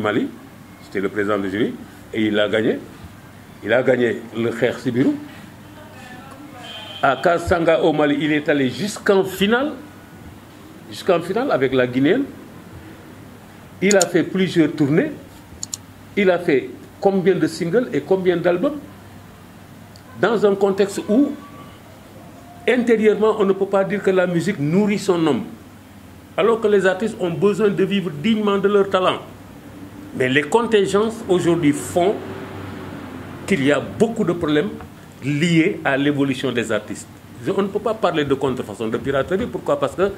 Mali c'était le président du jury et il a gagné le xeex si biiru à Kasanga au Mali il est allé jusqu'en finale jusqu'en finale avec la Guinéenne il a fait plusieurs tournées il a fait combien de singles et combien d'albums dans un contexte où intérieurement on ne peut pas dire que la musique nourrit son homme alors que les artistes ont besoin de vivre dignement de leur talent Mais les contingences aujourd'hui font qu'il y a beaucoup de problèmes liés à l'évolution des artistes. On ne peut pas parler de contrefaçon, de piraterie. Pourquoi Parce qu'il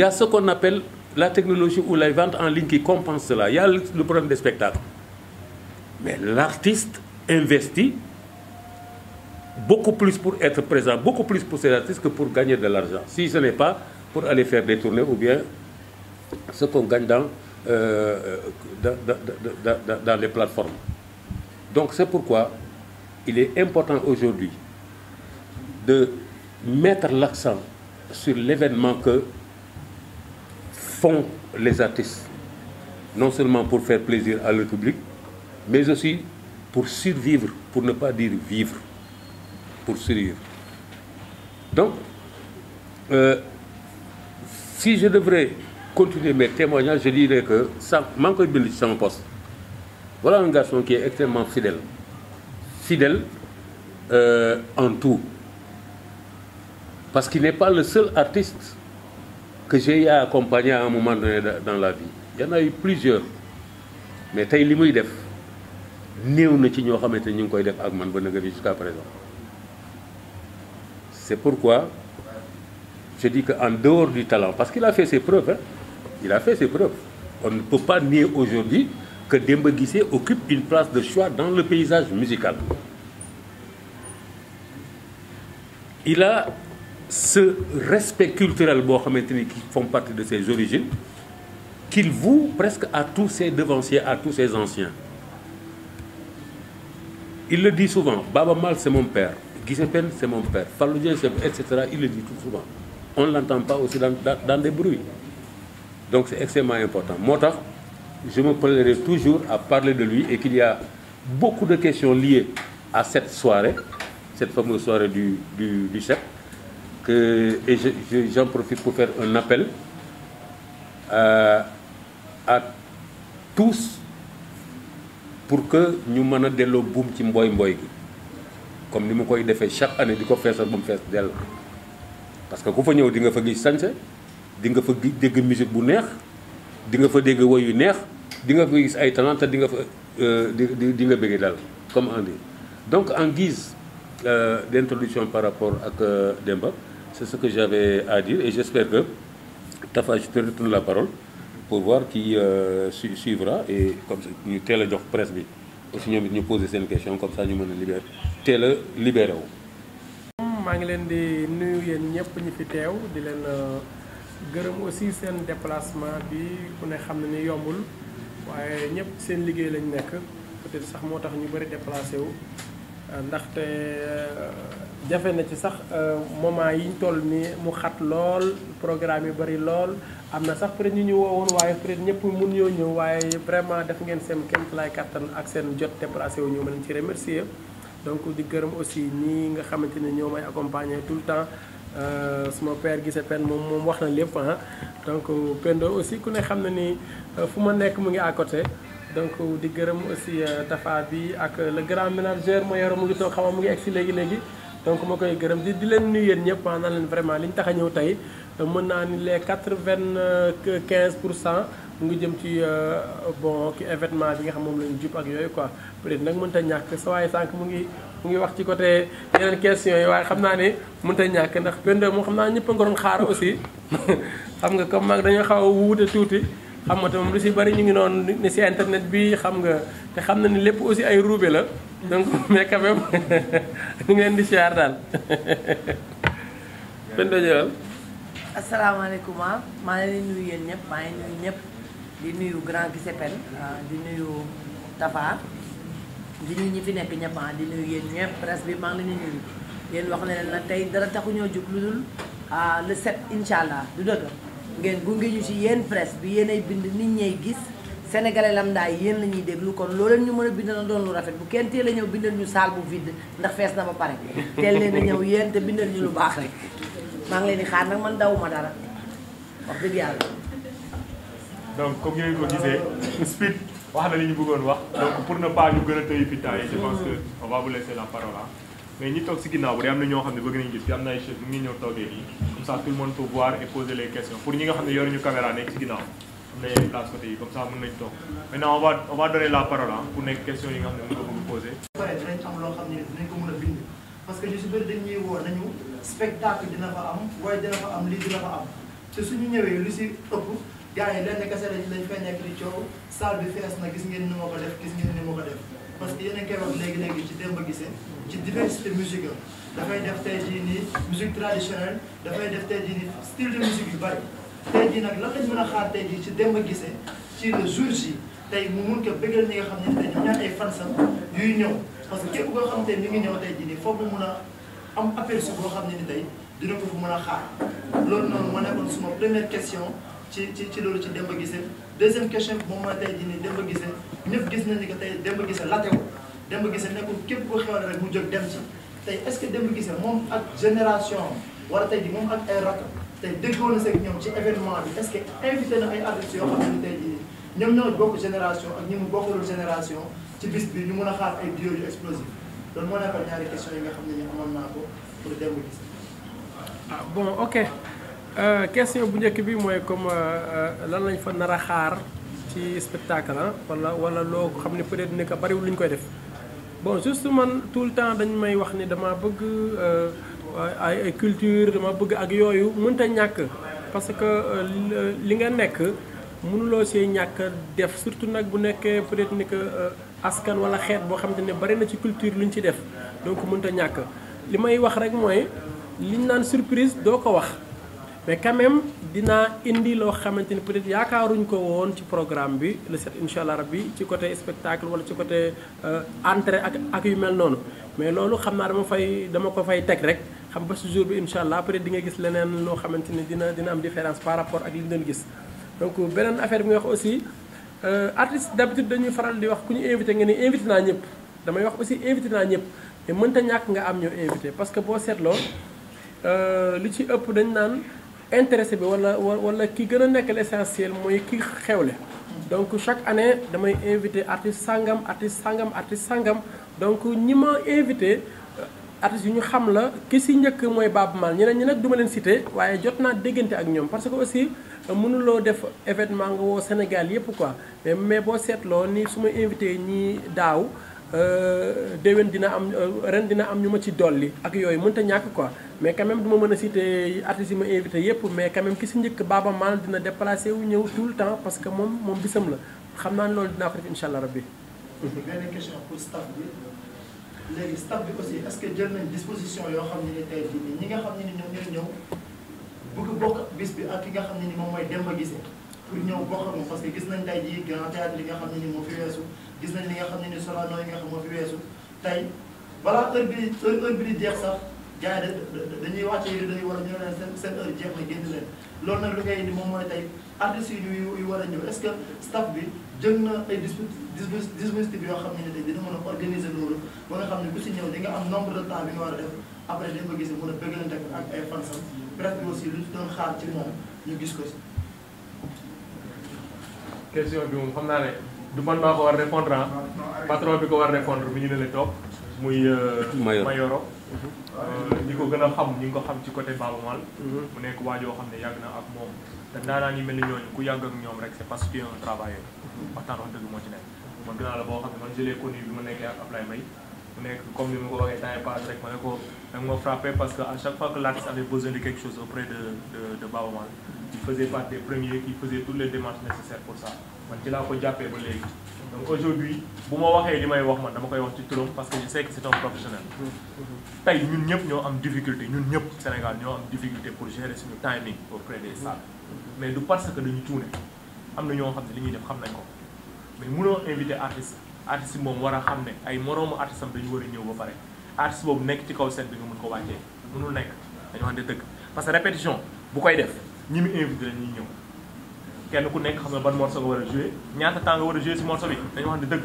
y a ce qu'on appelle la technologie ou la vente en ligne qui compense cela. Il y a le problème des spectacles. Mais l'artiste investit beaucoup plus pour être présent, beaucoup plus pour ses artistes que pour gagner de l'argent. Si ce n'est pas pour aller faire des tournées ou bien ce qu'on gagne dans euh, euh dans, dans, les plateformes. Donc c'est pourquoi il est important aujourd'hui de mettre l'accent sur l'événement que font les artistes, non seulement pour faire plaisir à leur public, mais aussi pour survivre, pour ne pas dire vivre, pour survivre. Donc, euh, si je devrais continuer mes témoignages je dirais que ça maa ngi koy bind ci sama poste voilà un garçon qui est extrêmement fidèle fidèle euh, en tout parce qu'il n'est pas le seul artiste que j'ai accompagné à un moment donné dans la vie il y en eu plusieurs mais tey li muy def néew na ci ñoo xamante ni ñu ngi koy def ak man ba nëgëri par présent c'est pourquoi je dis que en dehors du talent parce qu'il a fait ses preuves il a fait ses preuves. On ne peut pas nier aujourd'hui que Demba Guissé occupe une place de choix dans le paysage musical. Il a ce respect culturel qui font partie de ses origines, qu'il voue presque à tous ses devanciers, à tous ses anciens. Il le dit souvent, Baba Mal c'est mon père, Gisepen c'est mon père, Faloudien c'est etc. Il le dit tout souvent. On ne l'entend pas aussi dans, dans des bruits. Donc c'est extrêmement important. Motar, je me plairai toujours à parler de lui et qu'il y beaucoup de questions liées à cette soirée, cette fameuse soirée du, du, du CEP. Que, et j'en je, je, profite pour faire un appel à, euh, à tous pour que ñu mën a delloo buum ci mbooy mbooy gi comme ni mu koy defee chaque année di ko feesal ba mu fees dell parce que ku fa ñëw di nga fa gis sañse di nga fa dégg musique bu neex di nga fa dégg woy yu neex di nga fa gis ay talent te di nga fa euh, di di nga bëggee daal comme on dit donc en guise euh, d'introduction par rapport ak euh, Demba c'est ce que j'avais à dire et j'espère que Tafa je te retourne la parole pour voir qui suivra et comme ça ñu teel jox presse bi aussi ñoom it ñu poser seen question comme ça ñu mën a libérer teel a libéré wu. maa ngi leen di nuyu yéen ñëpp ñu fi teew di leen. gërëm aussi seen déplacement bi ku ne xam na ni yombul waaye ñëpp seen liggéey lañu nekk peut-être sax moo tax ñu bëri déplacé wu euh, ndaxte euh, jafe na ci sax euh, moment yiñ toll ni mu xat lool programme yi bari lool am na sax peut être ñu ñu woowoon waaye peut être ñëpp mun ñoo ñëw waaye vraiment def ngeen seen kémt lay kattan ak seen jot déplacé wu ñu ma leen ci remercier donc di gërëm aussi ñi nga xamante ni ñoo may accompagner tout le temps Euh, ma père gisee pen moom moom wax na lépp ah donc Pendo aussi ku ne xam na ni euh, fu ma nekk mu ngi à côté donc di gërëm aussi euh, Tafa bi ak le grand manager ma yoro mu ngi toog xaw mu ngi egg si léegi léegi. donc ma koy gërëm di di leen nuyu yéen ñëpp ah, na leen vraiment li ñu tax a ñëw tey mën naa ni les quatre-vingt-quinze pour cent mu ngi jëm ci bon ki événement bi nga xam moom la ñu jub ak yooyu quoi peut-être nag mënut a ñàkk sa waaye sànq mu ngi. mu ngi wax ci côté yeneen question yi waaye xam naa ne mënut a ñàkk ndax Penda moom xam naa ñëpp nga doon xaar aussi xam nga comme mag dañoo xaw a wuute tuuti xam nga te lu si bari ñu ngi noonu si internet bi xam nga te xam na ni lépp aussi ay ruube la donc mais quand même leen di siyaar daal ah, maa ngi leen nuyu yéen ñëpp maa ngi nuyu ñëpp di nuyu grand Guissé ah, di nuyu Tafa di nuyu ñi fi nekk ñëpp ah, di nuyu yéen ñëpp presse bi maa ngi leen di nuyu yéen wax na leen tey dara taxuñoo jug lu dul ah, le set incha allah du dëgg ngeen gunge ñu ci yéen presse bi yéen ay bind nit ñay gis sénégalais lambda yi yéen la ñuy déglu kon loo ñu mën a bind na doon lu rafet bu kenn teel a ñëw bindal ñu saal bu vide ndax fees na ba pare teel leen a ñëw yéen te bindal ñu lu baax rek maa ngi leen di xaar nag man dawuma dara wax dëgg yàlla donc comme yooyu wax na li ñu bëggoon wax donc pour ne pas ñu gën a tëyu yi je pense que on va vous la parole ah mais ñi toog si ginnaaw bu dee am na ñoo xam ne bëgg nañu gis fi am na ay chef mu ngi ñëw toogee nii comme ça tout le monde peut voir et poser les questions pour ñi nga xam ne yoruñu caméra nekk si ginnaaw am place côté yi comme ça mën nañ toog maintenant on va on la parole ah pour nekk question yi nga xam ne mën nga ko mën a bind gars yi lenn kese lañ lañ fay nekk di coow salle bi fees na gis ngeen ni ma ko def gis ngeen ni ma ko def parce que yéen a ngi léegi léegi ci démb gisee ci diversité musique am dafay def tey jii nii musique traditionnelle dafay def tey jii nii style de musique yu bari tey jii nag lan lañ mën a xaar tey jii ci démb gisee ci le jour J tey mu mun ko bëggal ñi nga xam ne tey ñoom ñaar ay fansam yuy ñëw parce que képp koo xam tey mi ngi ñëw tey jii nii foog mu mun a am boo xam ne ni tey dina ko a xaar loolu noonu ma nekkoon suma première question ci ci ci loolu ci Demba Guissé deuxième question moom mooy tey jii nii Demba Guissé ñëpp gis nañu que tey Demba Guissé latewu Demba Guissé nekkul képp ko xew rek mu jóg dem ci tey est-ce que Demba Guissé moom ak génération wala tey jii moom ak ay rakk tey déggoon na ñoom ci événement bi est-ce que invité na ay artistes yoo xam ne tey jii ñoo bokk génération ak ñi mu bokkulul génération ci bis bi ñu mën a xaar ay duo yu explosif loolu moo nekkoon ñaari question yi nga xam ne ñu amoon naa ko pour Demba Guissé ah Euh, question bu njëkk bi mooy comme euh, euh, lan lañ fa nar a xaar ci spectacle ah wala wala loo xam ne peut-être ni que bariwul lu ñu koy def bon man tout le temps dañ may wax ni dama bëgg ay ay culture dama bëgg ak yooyu mënta ñàkk parce que li nga nekk mënuloo see ñàkk def surtout nag bu nekkee peut-être ni que askan wala xeet boo xam ne bari na ci culture lu ñu ci def donc mënta ñàkk li may wax rek mooy liñ naan surprise doo ko wax mais quand même dinaa indi loo xamante ni peut-être yaakaaruñ ko woon ci programme bi le set incha allah bi ci côté spectacle wala ci côté euh, entrée ak ak yu mel noonu mais loolu xam naa dama fay dama ko fay teg rek xam ba ce jour bi incha allah peut-être di gis leneen loo xamante ni dina dina am différence par rapport ak li ñu doon gis. donc beneen affaire bi nga wax aussi euh, artiste d'habitude dañuy faral di wax ku ñu invité nga ne invité naa ñëpp damay wax aussi invité ñëpp te mënta ñàkk nga am ñoo invité parce que boo seetloo euh, li ci ëpp dañ naan. intéressé bi wala wala ki gën a nekk l'essentiel mooy ki xewle donc chaque année damay invité artiste sangam artiste sangam artiste sangam donc ñi ma invité euh, artistes yu ñu xam la ki si njëkk mooy Baaba Maal ñeneen ñi nag duma leen cité waaye jot naa déggante ak ñoom parce que aussi euh, mënuloo def événement nga woo Sénégal yépp quoi mais boo seetloo ni su ma invité ñii daaw Euh, déwén dina am euh, ren dina am ñu ma ci dolli ak yooyu mënta ñàkk quoi mais quand même du ma mën a citer artistes yi ma invité yëpp mais quand même ki si njëkk Baaba Maal dina déplacé wu ñëw tout le temps parce que moom moom bisam la xam naa ne loolu dina ko def incha allah rabbi. benn question pour staff bi léegi staff bi aussi est-ce que jël nañ disposition yoo xam ne ni tey jii ñi nga xam ne ni ñoom ñooy ñëw bëgg bokk bis bi ak ki nga xam ne ni moom mooy Demba a pour ñëw gis nañ tey li nga xam gis nañ li nga xam ne ni Sorano yi nga xam moo weesu tey balaa heure bi heure bi di jeex sax gars yi dañuy wàcce yi dañuy war a ñëw leen seen jeex na génn leen loolu nag li ngay indi moom mooy tey artistes yi yu war a ñëw est-ce que staff bi jël na ay dispositif yoo xam ne ni tey dina mën a organiser loolu ba nga xam ne bu si ñëw di nga am nombre de temps bi nga war a def après dañ ko a bëggalante ak ay fansam bref bi aussi lu doon xaar ñu gis ko si question bi moom xam naa du man maa ko war répondre ah patron bi ko war répondre bi ñu ne la toog muy euh, Mayoro mhm. euh, ñi ko gën a xam ñi ngi ko xam ci côté Baaba Maal mhm. mu nekk waajoo xam ne yàgg na ak moom te naanaa ñu mel ni ñooñu ku yàgg ak ñoom rek c'est parce que tu es un mhm. dëgg moo ci nekk man dinaa la boo xam ne man jëlee connu bi mu nekkee ak Ablaye mu nekk comme ni ma ko waxee temps rek ma ne ko danga ma frappé parce que à chaque fois que l'artiste avait besoin de man ci laa ko jàppee ba léegi donc aujourd'hui bu ma waxee li may wax man dama koy wax ci turam parce que je sais que c'est un professionnel tey ñun ñëpp ñoo am difficulté ñun ñëpp Sénégal ñoo am difficulté pour gérer suñu timing auprès des salles mais du parce que dañu cuune am na ñoo xam ne li ñuy def xam nañ ko mais mënoo invité artiste artiste moom war a xam ne ay moroomu artiste am dañu war a ñëw ba pare artiste boobu nekk ci kaw scène bi nga mën ko wàccee mënul nekk dañu parce que répétition bu koy def ñi mu invité ñëw kenn ku nekk xam na ba morceau nga war a joué ñaata temps nga war a joué si morceau bi dañu wax ne dëgg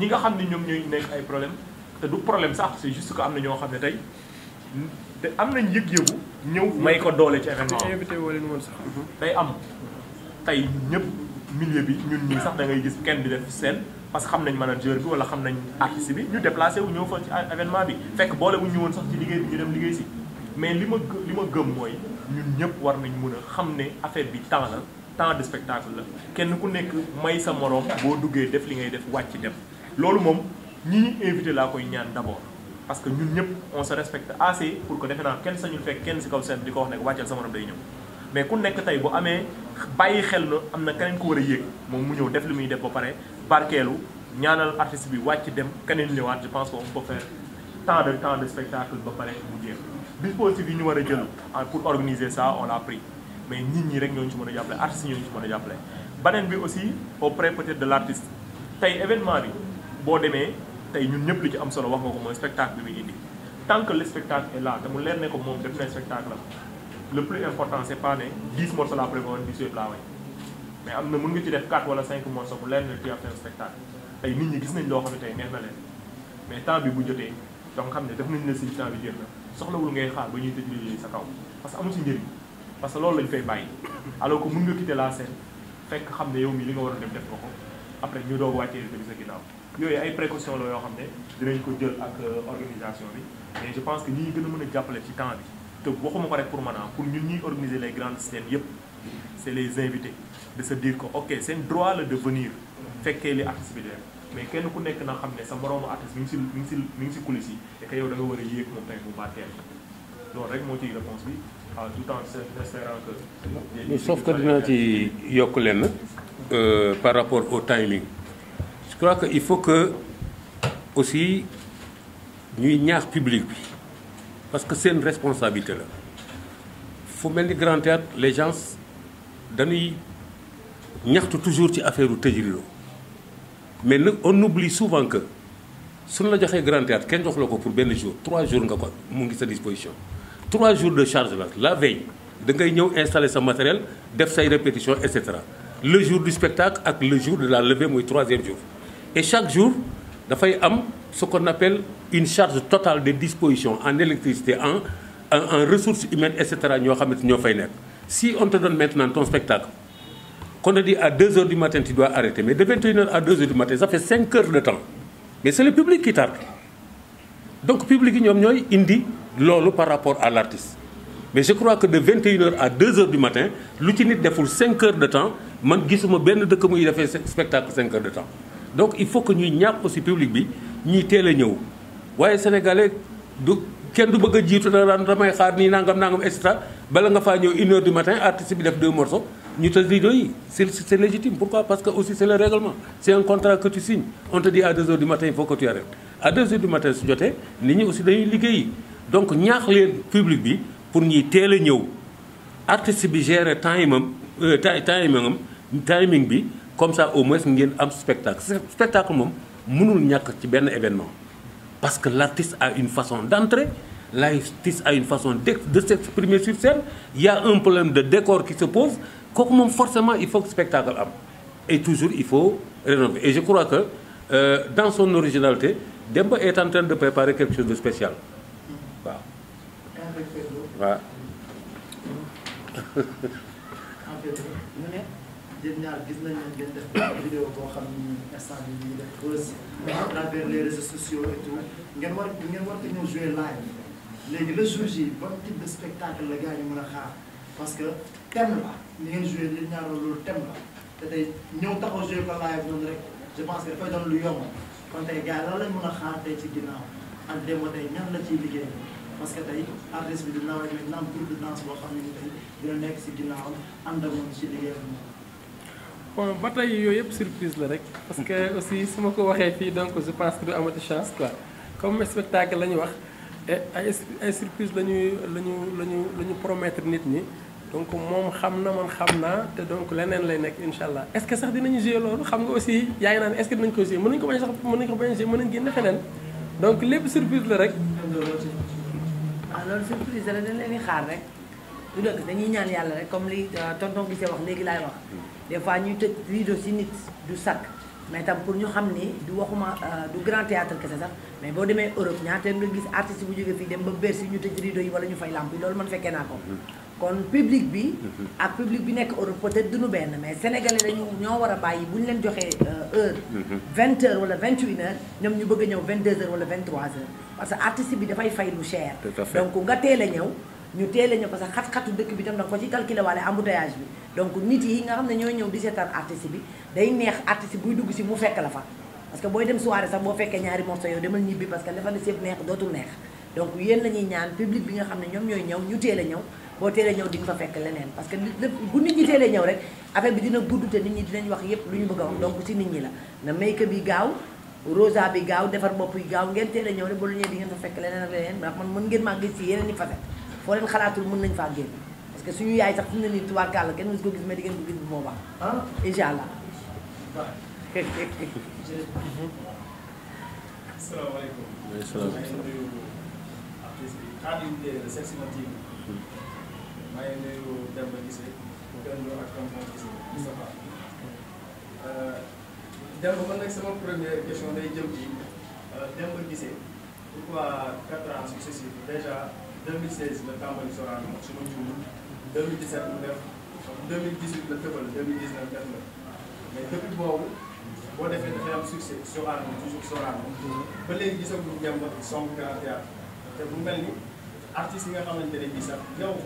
ñi nga xam ni ñoom ñooy nekk ay problème te du problème sax c'est juste que am na ñoo xam ne tey te am nañ yëg-yëgu ñëw may ko doole ci événement tey mhm. am tey ñëpp milieu bi ñun ñii sax da ngay gis kenn di def seen parce que xam nañ manager bi wala xam nañ artiste bi ñu déplacé wu ñëw fa ci événement bi fekk boole bu ñu woon sax ci liggéey bi ñu dem liggéey si mais li ma li gëm mooy ñun ñëpp war nañ mën a xam ne affaire bi temps la temps de spectacle la kenn ku nekk may sa moroom boo duggee def li ngay def wàcc dem loolu moom ñi ñu invité laa koy ñaan d'abord parce que ñun ñëpp on sa respecte assez pour que defe naa kenn sañul fekk kenn si kaw seen di ko wax ne wàccal sa moroom day ñëw mais ku nekk tey bu amee bàyyi xel na am na keneen ko war a yéeg moom mu ñëw def li muy def ba pare barkeelu ñaanal artiste bi wàcc dem keneen ñëwaat je pense qu'on peut temps de spectacle ba pare mu jeex dispositif yi ñu war a jël ah, pour organiser ça on l'a pris mais nit ñi rek ñooñu ci mën a jàppale artistes yi ñooñu ci mën a jàppale. beneen bi aussi auprès peut-être de l'artiste tey événement bi boo demee tey ñun ñëpp li ci am solo wax nga ko mooy spectacle bi muy tant que le spectacle est là te mu leer ne ko moom def na spectacle am le plus important c'est pas ne 10 morceaux la prévoir 18 laa way mais am na mën nga ci def 4 wala cinq morceaux mu leer ne tu as fait un spectacle loo xam ne tey neex mais temps bi bu jotee donc xam ne def nañ la si temps soxlawul ngay xaar ba ñuy tëj liggéey sa kaw parce que amu ci njëriñ parce que loolu lañ fay bàyyi alors que mun nga quitter la scène fekk xam ne yow mi li nga war a def def ko ko après ñu doog wàccee bi sa ginnaaw yooyu ay précaution la yoo xam ne dinañ ko jël ak euh, organisation bi mais je pense que ñi ñu gën a mën a jàppale ci temps bi te waxuma ko rek pour maanaam ah, pour ñu ñuy organiser les grandes scènes yëpp c'est les invités de se dire que ok seen droit la de fekkee li artiste bi mais kenn ku nekk na xam ne sa moroomu artiste mi ngi si mi ngi si mi ngi si coulisse yi et que yow da war a yéeg moom tamit bu batteel loolu rek moo ciy réponse bi en tout temps espérant que sauf ci yokk lenn euh, par rapport au timing je crois que il faut que aussi ñuy ñaax public bi parce que seen responsabilité la fu mel ni grand théâtre les gens dañuy ñaxtu toujours ci affaire u tëjriloo mais nag on oublie souvent que suñu la joxee grand théâtre kenn jox la ko pour benn jour trois jours nga ko mu ngi sa disposition trois jours de charge la la veille dangay ñëw installer sa matériel def say répétition et cetera le jour du spectacle ak le jour de la levée mooy troisième jour et chaque jour dafay am ce qu'on appelle une charge totale de disposition en électricité en en, en ressources humaines et cetera ñoo xamante ñoo fay nekk si on te donne maintenant ton spectacle Qu'on a à 2 heures du matin, tu dois arrêter. Mais de 21h à 2 heures du matin, ça fait 5 heures de temps. Mais c'est public qui tarde. Donc, le ñoom il indi loolu par rapport à l'artiste. Mais je crois que de 21h à 2h du matin, l'outil défoule 5 heures de temps. Man gisuma benn dëkk comme defee a fait spectacle 5 heures de temps. Donc, il faut que nous ñap aussi public bi télé ñëw waaye sénégalais du kenn du bëgg jitu na damay xaar ni nangam nangam extra bala nga fa ñew 1h du bi def deux morceaux ñu te vidéo yi c'est c'est légitime pourquoi parce que aussi c'est le règlement c'est un contrat que tu signes on te dit à 2 heures du matin il faut que tu arrêtes à 2 heures du matin su jotee nit ñi aussi dañuy liggéeyi donc ñaax leen public bi pour ñuy teel ñëw artiste bi gérer timam euh, timingam timing bi comme ça au moins ngeen am spectacle spectacle moom mënul ñàkk ci benn événement parce que l'artiste a une façon d'entrer l'artiste a une façon de de de décor qui se kooku moom forcément il faut que spectacle am et toujours il faut rénover et je crois que euh, dans son originalité ba est en train de préparer quelque chose de spécial waaw. waaw. yéen ñaar gis nañu ne ngeen def vidéo boo xam ni instant bii ñu les réseaux sociaux et tout ngeen war ngeen war ko ñëw jouer live léegi le jour J ban type de spectacle la gars yi mën xaar parce que. thème la li ngeen joué li ñaanoo loolu thème la te tey ñëw taxaw joué ko live noonu rek je pense que dafay doon lu yomb kon tey gars lan lañ mën a xaar tey ci ginnaaw ak démo tey ñan la ciy liggéey parce que tey artiste bi dina war am groupe de danse boo xam ni tey si ginnaawam ànd ak moom si liggéeyam moom. ba tey yooyu yëpp surprise la rek parce que aussi su ma ko waxee fii donc je pense que du amati chance quoi comme spectacle la ñu wax ay ay surprise la ñu la ñu la ñu la ñu promettre nit ñi. donc moom xam na man xam naa te donc leneen lay nekk incha allah est ce que sax dinañu jouer loolu xam nga aussi yaa ngi naan est ce que dinañ ko jouer mën nañu ko bañ sax mën nañu ko bañ jouer mën nañu génne feneen donc lépp surprise la rek. waaw ah, loolu surprise la dañ leen di xaar rek du dëgg dañuy ñaan yàlla rek comme li euh, tonton Guissé wax léegi laay wax des fois ñuy tëj rideau ci nit du sakk mais tam pour ñu xam ni du waxuma euh, du grand théâtre kese sax mais boo demee Europe ñaata nga gis artiste yi wala ñu fay lamp yi loolu man fekkee naa kon public bi. Mhm. ak public bi nekk Europe peut-être duñu benn mais sénégalais dañu ñoo war a bàyyi bu ñu leen joxee euh, heure. Mhm. vingt heures wala vingt une ñoom ñu bëgg ñëw vingt deux heures wala vingt trois heures parce que artiste bi dafay fay lu cher. donc nga teel a ñëw. ñu teel a ñëw parce que xat-xatu dëkk bi tam da nga ko ci calculer waale embouteillage bi donc nit yi nga xam ne ñooy ñëw di seetaan artiste bi day neex artiste buy dugg si mu fekk la fa. parce que booy dem soirée boo fekkee ñaari morceau yow demal ñibbi parce que dafa ne ñuy ñaan public bi nga xam ne ñoom ñooy ñëw ñu teel a ñëw. boo teelee ñëw di fa fekk leneen parce que bu nit ñi teelee ñëw rek affaire bi dina gudd te nit ñi dinañ wax yépp lu ñu bëgg a wax ci nit ñi la na make-up bi gaaw rosa bi gaaw defar bopp yi gaaw ngeen teel a ñëw rek ba lu ñëwee di ngeen fa fekk leneen ak leneen ndax man mën ngeen maa gis ci yeneen i facette foo leen xalaatul mën nañ faa génn parce que suñu yaay sax suñu ne nii tubaarkàlla kenn mës ko gis mais di ngeen ko gis bu boobaa ah maa ngi nuyu Demba Guissé Pendo ak tonton Guissé Moustapha euh, Demba man nag sama première question day jëm ci euh, Demba Guissé pourquoi 4 ans successifs déjà 2016 la tàmbali Sorano su ma juumul 2017 mu def 2018 la tëbal 2019 def na mais depuis boobu boo defee dafay am succès Sorano toujours Sorano ba léegi gisaguñu Demba song grand théâtre te bu mel ni artistes yi nga xamante ne bii sax yow.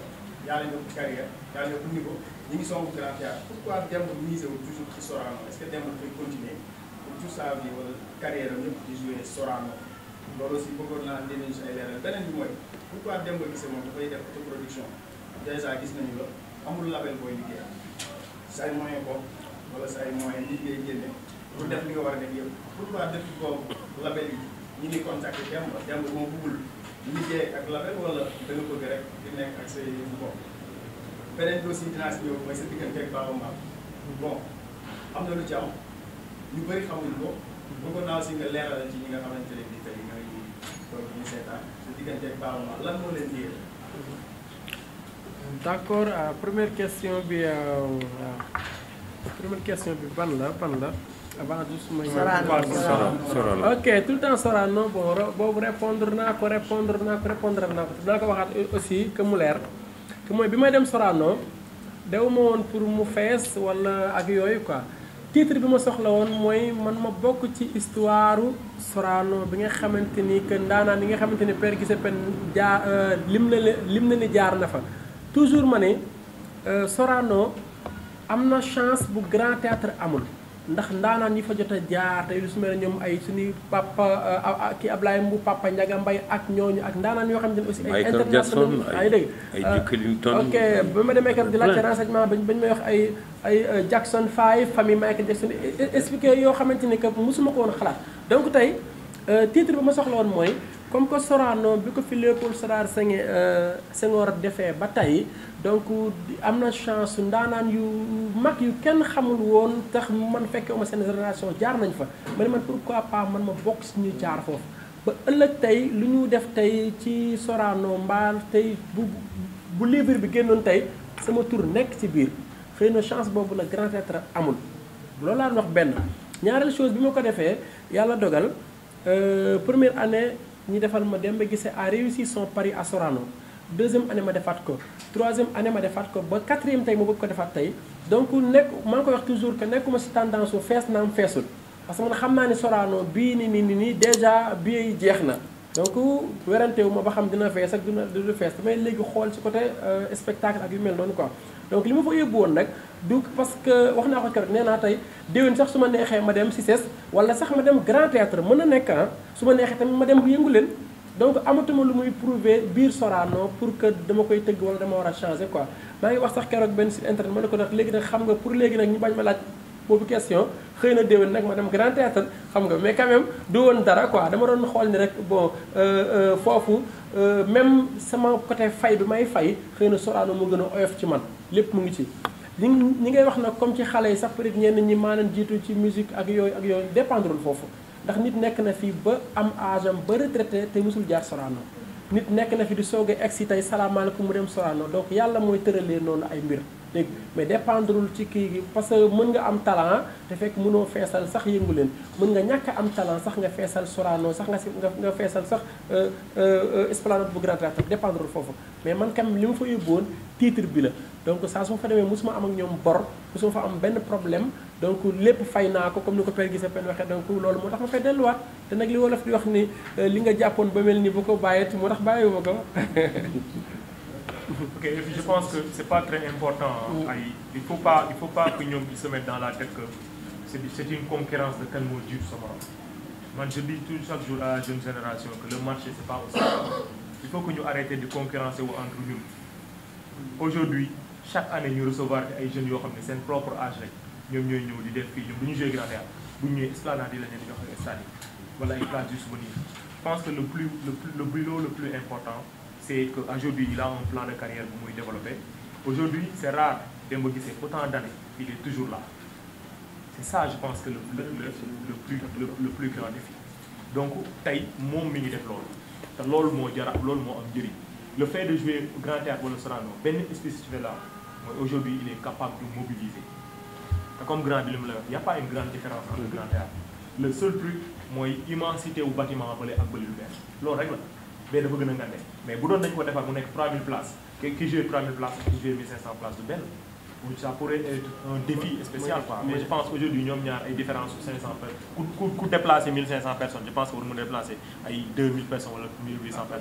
yàlla yóbbu carrière yàlla yóbbu niveau ñu ngi songu grand théâtre pourquoi Demba misé wu toujours ci Sorano est-ce que Demba dafay continuer pour tout ça bi wala carrière am ñëpp di jouer Sorano loolu aussi bëggoon naa leen si ay leeral beneen bi mooy pourquoi Demba gisee moom dafay def autoproduction déjà gis nañu la amul label booy liggéey say moyen ko wala say moyen nit ngay génne pour def li nga war a def yëpp pourquoi def boobu label yi ñu ngi contacté Demba Demba moom bëggul liggéey ak label wala da nga bëgg rek di nekk ak say mbokk beneen bi aussi dinaa si ñëw mooy sa diggante ak Baba Maal bon am na lu ci am ñu bëri xamuñu ko bëggoon naa aussi nga leeralal ci ñi nga xamante ne bii tey nga ñu toog ñu seetaan sa diggante ak Baba Maal lan moo leen liggéey d' accord euh, première question bi euh, euh, première question bi ban la ban la Sorano ok tout le temps Sorano bon boobu répondre naa ko répondre naa ko répondre naa ko dinaa ko waxaat aussi que mu leer que mooy bi may dem Sorano dew ma woon pour mu fees wala ak yooyu quoi titre bi ma soxla woon mooy man ma bokk ci histoire Sorano bi nga xamante ni que ndaanaan li nga xamante ni Père Guissé Pène jaar euh, lim na lim na ni jaar na fa toujours ma ne euh, Sorano am na chance bu grand théâtre amul ndax ndaanaan ñi fa jot a jaar tey lu su mel ne ñoom ay suñuy papa euh, ki Ablaye Mbu papa Ndiaga ak ñooñu ak ndaanaan yoo xam ne aussi. ay international ay dégg ay Clinton euh, ok ba ma demee kër di laajte renseignement bañ bañ may wax ay ay euh, Jackson Five famille Michael Jackson e, e, expliqué yoo xamante ni que mosuma ko woon xalaat donc tey titre ba ma soxla woon mooy. comme que soraanoo bi ko fi Léopold Sédar euh, Senghor defee ba tey donc am na chance ndaanaan yu mag yu kenn xamul woon tax man fekkee uma seen génération jaar nañ fa ma ne man pourquoi pas man ma bokk si ñu jaar foofu ba ëllëg tey lu ñu def tey ci Sorano mbaa tey bu bu livre bi génnoon tey sama tur nekk ci biir xëy na chance boobu nag grand être amul loolu wax benn ñaareel chose bi ma ko defee yàlla dogal euh, première année ñi defal ma dem Demba gise à réussi son pari à Sorano deuxième année ma defaat ko troisième année ma defaat ko ba quatrième tey ma bëgg ko defaat tey donc nekk man ko koy wax toujours que nekkuma si tendance su fees naam feesul parce que man xam naa ne Sorano bii ni nii ni nii déjà bii jeex na donc werante wu ma ba xam dina fees ak dina dina fees damay léegi xool ci côté euh, spectacle ak yu mel noonu quoi donc li ma fa yóbbu woon nag du parce que wax naa ko keroog nee naa tey déwén sax su ma neexee ma dem CICES wala sax ma dem Grand Théâtre mën a nekk ah. su ma neexee tamit ma dem yëngu leen donc amatuma lu muy prouver biir Sorano pour que dama koy tëgg wala dama war a changer quoi maa ngi wax sax keroog benn si internet ma ne ko nag léegi nag xam nga pour léegi nag ñu bañ ma laaj boobu question xëy na déwén nag ma dem grand théâtre xam nga mais quand même du woon dara quoi dama doon xool ni rek bon euh, euh, foofu euh, même sama côté fay bi may fay xëy na Sorano mu gën a oyof ci man lépp mu ngi ci. ñi ñi ngay wax na comme ci xale yi sax peut être ñi maanaam jiitu ci musique ak yooyu ak yooyu dépendrul foofu ndax nit nekk na fii ba am âge am ba retraité te musul jaar Sorano nit nekk na fi di soog a egg si tey salaamaaleykum mu dem Sorano donc yàlla mooy tëralee noonu ay dégg mais dépendrul ci kii gi parce que mën nga am talent te fekk mënoo feesal sax yëngu leen mën nga ñàkk am talent sax nga feesal Sorano sax nga si nga feesal sax euh, euh, euh, esplanade bu Grand Théâtre dépendrul foofu mais man kam li ma fa woon titre bi la donc saa su ma fa demee mosuma am ak ñoom bor mosuma fa am benn problème donc lépp fay naa ko comme ni ko père gisee Pène waxee donc loolu moo tax ma fay delluwaat te nag li wolof di wax ni li nga jàppoon ba mel ni bu ko bàyyet moo tax bàyyiwu ma ko ok je pense que c'est pas très important. Mm. ay il faut pas il faut pas que ñoom ils se dans la tête que c'est une concurrence de tel mot dur sa man je dis tout chaque jour à la jeune génération que le marché c'est pas aussi il faut que ñu arrêter de concurrencer wu entre ñun. aujourd'hui chaque année ñu recevoir ay jeunes yoo xam ne seen propre âge rek ñoom ñooy ñëw di def fii ñoom du ñu joué grand théâtre bu ñu ñëwee esplanade yi la ñu di jox ak stade important. c'est qu'aujourd'hui, il a un plan de carrière pour nous développer. Aujourd'hui, c'est rare d'Embo Guissé, autant d'années, il est toujours la C'est ça, je pense, que le, le, le, plus, le, plus, grand défi. Donc, Taï, mon mini de l'OL, le fait de jouer au Grand Théâtre le Sorano, ben spécifique là, aujourd'hui, il est capable de mobiliser. Comme Grand il n'y a pas une grande différence entre le Grand Théâtre. Le seul truc, c'est l'immensité au bâtiment appelé Abbali Lubert. C'est ce que je veux mais bu doon nañu ko defar mu nekk 3000 places ki ki joué 3000 places ak ki joué 1500 places du benn ça pourrait être un défi spécial quoi mais je pense qu'aujourd'hui ñoom ñaar ay différence su 500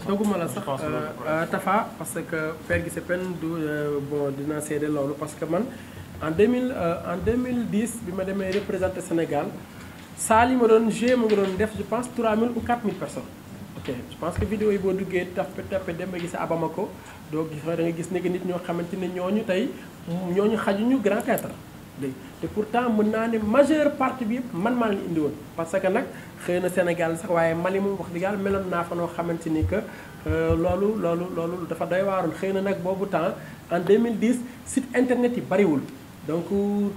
doguma la sax euh, Tafa parce que Père Guissé Pène du euh, dina seede loolu parce que man en 2000 euh, en 2010 bi ma demee représenter Sénégal saal yi ma doon joué ma nga doon def je pense 3000 ou 4000 personnes. ok je que video yi boo duggee tappe tappe dem ba gis a ko doo gis da nga gis ne nit ñoo xamante ne ñooñu tey ñu xajuñu grand théâtre dégg te pourtant mën naa ne majeure partie bi yëpp man maa leen indiwoon parce que nag xëy na Sénégal sax waaye Mali moom wax dëgg meloon naa fa noo xamante ni que euh, loolu loolu loolu dafa doy waarul xëy na nag boobu temps en 2010 site internet yi bariwul donc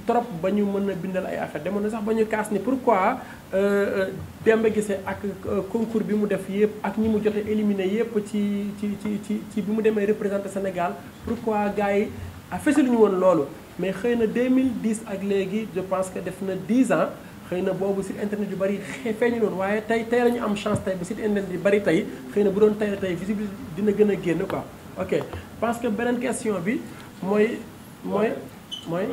trop ba ñu mën a bindal ay affaire demoon na sax ba ñu kaas ni pourquoi euh, euh, Demba Guissé ak euh, concours bi mu def yëpp ak ñi mu jote éliminé yëpp ci ci ci ci ci bi mu demee représenté Sénégal pourquoi gars yi affaire ñu woon loolu mais xëy na deux mille 2010 ak léegi je pense que def na 10 ans xëy na boobu site internet yu bari feeñu noonu waaye tey tey la ñu am chance tey bu site internet yu bari tey xëy na bu doon tey la tey visibilité dina gën a génn quoi ok parce que beneen question bi mooy mooy mooy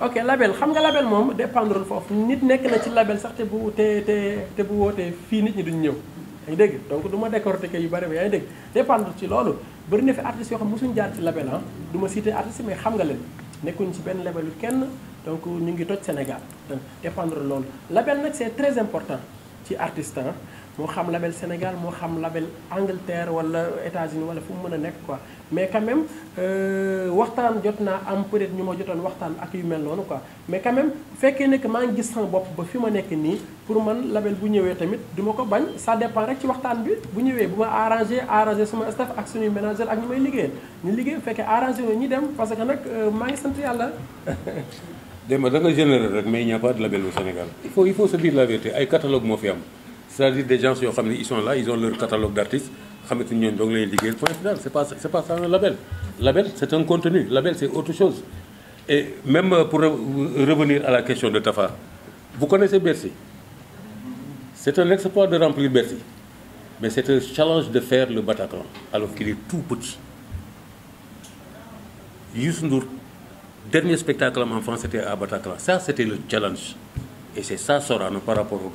ok label xam nga label moom dépendre foofu nit nekk na ci label sax te bu te te te bu wootee fii nit ñi duñ ñëw yaa ngi dégg donc du ma décortiquer yu bëri ba yaa ngi dégg dépendre ci loolu bëri na fi artistes yoo xam mosuñ jaar ci label ah du ma citer artiste mais xam nga leen nekkuñ ci benn labelu kenn donc ñu ngi toj Sénégal donc dépendre loolu label nag c'est très important ci artiste ah. moo xam label Sénégal moo xam label Angleterre wala États-Unis wala fu mu mën a nekk quoi mais quand même euh, waxtaan jot naa am peut-être ñu ma jotoon waxtaan ak yu mel noonu quoi mais quand même fekkee ne que maa ngi gis sama bopp ba fi ma nekk nii pour man label bu ñëwee tamit du ma ko bañ ça dépend rek ci waxtaan bi bu ñëwee bu ma arrangé arrangé sama staff ak suñuy manager ak ñu may liggéeyal ñu liggéey fekkee arrangé wu ñu dem parce que nag euh, maa ngi sant yàlla. Demba da nga généreux rek c'est-à-dire des gens yoo xam ne ils sont là leur catalogue d'artistes xamante ni ñooñu dong lay liggéeyal point final c'est pas c'est pas ça un label. label c'est un contenu label c'est autre chose et même pour revenir à la question de Tafa vous connaissez Bercy c'est un exploit de remplir Bercy mais c'est un challenge de faire le Bataclan alors qu'il est tout petit Youssou Ndour dernier spectacle am en France c'était à Bataclan ça c'était le challenge et c'est ça Sorano par rapport au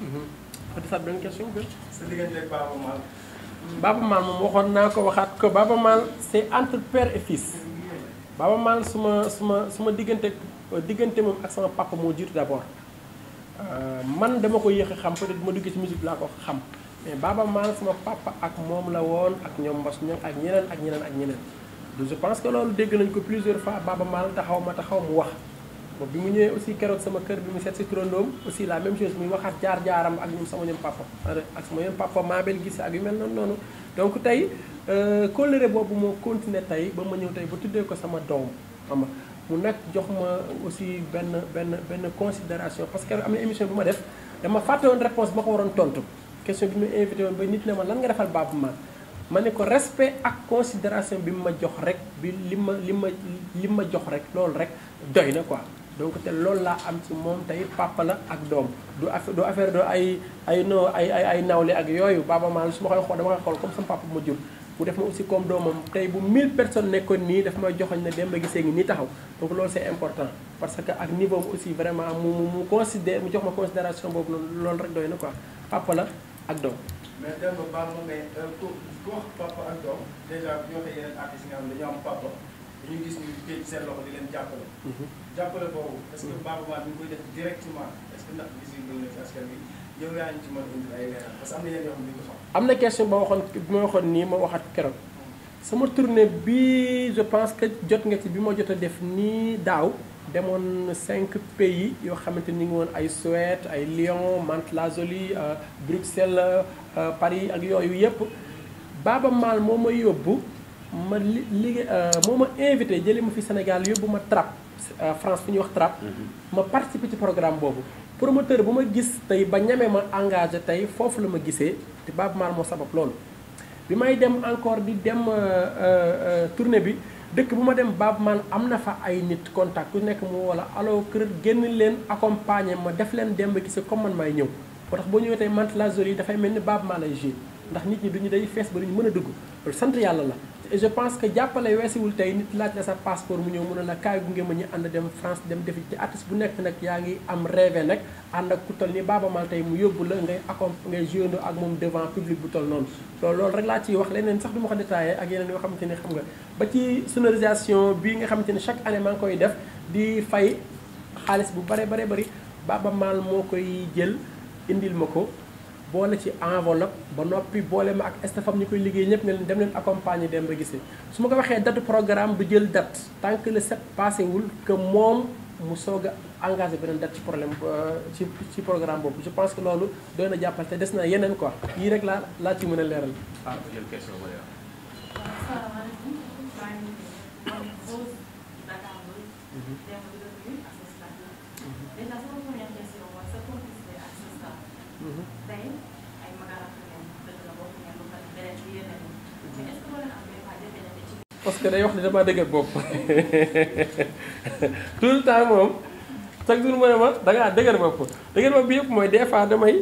Mm-hmm. Fatou Sadd benn question bi. sa diggante ak Baaba Maal. Baaba Maal moom waxoon naa ko waxaat ko Baaba Maal c'est entre per et fis Baaba Maal su ma su ma su ma diggante diggante moom ak sama papa moo jiitu d'abord. Euh, man dama ko yéex a xam peut-être ma duggee ci musique laa ko xam mais Baaba Maal sama papa ak moom la woon ak ñoom mbas ñoom ak ñeneen ak ñeneen ak ñeneen. je pense que loolu dégg nañ ko plusieurs fois Baaba Maal taxaw ma taxaw mu wax. moom bi mu ñëwee aussi keroot sama kër bi mu seet si turandoom aussi la même chose muy waxaat jaar-jaaram ak ñoom sama ñoom papa ak sama ñoom papa maabel gise ak yu mel noonu noonu donc tey euh, kóllëre boobu moo continuer tey ba ma ñëw tey ba tuddee ko sama doom ama mu nag jox ma aussi benn benn benn considération parce que am na émission bu ma def dama fàtte woon réponse ma ko waroon tontu question bi ñu invité ba nit na ma lan nga defal baabu ma ma ne ko respect ak considération bi mu ma jox rek bi li ma li ma li ma jox rek loolu rek doy na quoi donc te loolu laa am ci moom tey papa la ak doom du affaire du affaire do ay ay no ay ay ay nawle ak yooyu Baaba Maal su ma koy xool dama koy xool comme sama papa ma jur bu def ma aussi comme tey bu 1000 personnes nekkoon nii daf may joxoñ ne Demba Guissé ngi nii taxaw donc loolu c'est important parce que ak niveau aussi vraiment mu mu considère mu jox ma considération boobu noonu loolu rek doy na quoi papa la ak doom mais Demba Ba moom mais ku euh, wax papa ak doom nga xam ne am papa ñu gis ñu géej seen loxo di leen jàppale. Mhm. boobu que mhm. Baba Maal mi directement est-ce bi yow yaa ngi ci mën a parce que am na yeneen yoo waxoon bi ma waxoon nii ma waxaat keroog mhm. sama tournée bi je pense jot nga bi ma jot a def nii daaw demoon cinq pays yoo xamante ni ngi woon ay Suède ay Lyon Mantes-la-Jolie euh, Bruxelles euh, Paris ak yooyu yëpp Baba Maal moo ma yóbbu. ma li liggéey euh, moo ma invité jëlee ma fi Sénégal yóbbu ma TRAP euh, France fi ñuy wax TRAP. Mhm. ma participer ci programme boobu. promoteur bu ma gis tey ba ñame ma engagé tey foofu la ma gisee te Baaba Maal moo sabab loolu bi may dem encore di dem euh, tournée bi dëkk bu ma dem Baaba Maal am na fa ay nit contact ku nekk mu wala aloo kër génn leen accompagner ma def leen dem ba gisee comme man may ñëw moo tax boo ñëwee tey Mantes la Jolie dafay mel ni Baaba Maal lay ndax nit ñi duñu day fees ba duñu mën a dugg loolu sant yàlla la je pense que jàppale weesiwul tey nit laaj la sa passeport mu ñëw mën a la kaay gunge ma ñu ànd dem France dem defi ci artiste bu nekk nag yaa ngi am rêve nag ànd ak ku toll ni Baaba Maal tey mu yóbbu la ngay accompagner ngay joué ak moom devant public bu toll noonu loolu rek laa ciy wax leneen sax du ma ko détaillé ak yeneen yoo xamante ne xam nga ba ci sonorisation bii nga xamante ni chaque année maa koy def di fay xaalis bu bare bare bëri Baaba Maal moo koy jël indil ma ko boole ci enveloppe ba noppi boole ma ak estafam ñu koy liggéey ñëpp ne leen dem leen accompagner dem ba gisee su ma ko waxee date programme bu jël date tant que le sept passé wul que moom mu soog a engagé beneen date ci problème euh, ci ci programme boobu je pense que loolu doy na jàppal te des na yeneen ko yii rek laa laa ci mën a leeral. waaw ah, jël question tey ay que parce que day wax ne damaa dëgër bopp tout le temps moom chaque jour mu ma da ngaa dëgër bopp dëgër bopp bi yëpp mooy des fois damay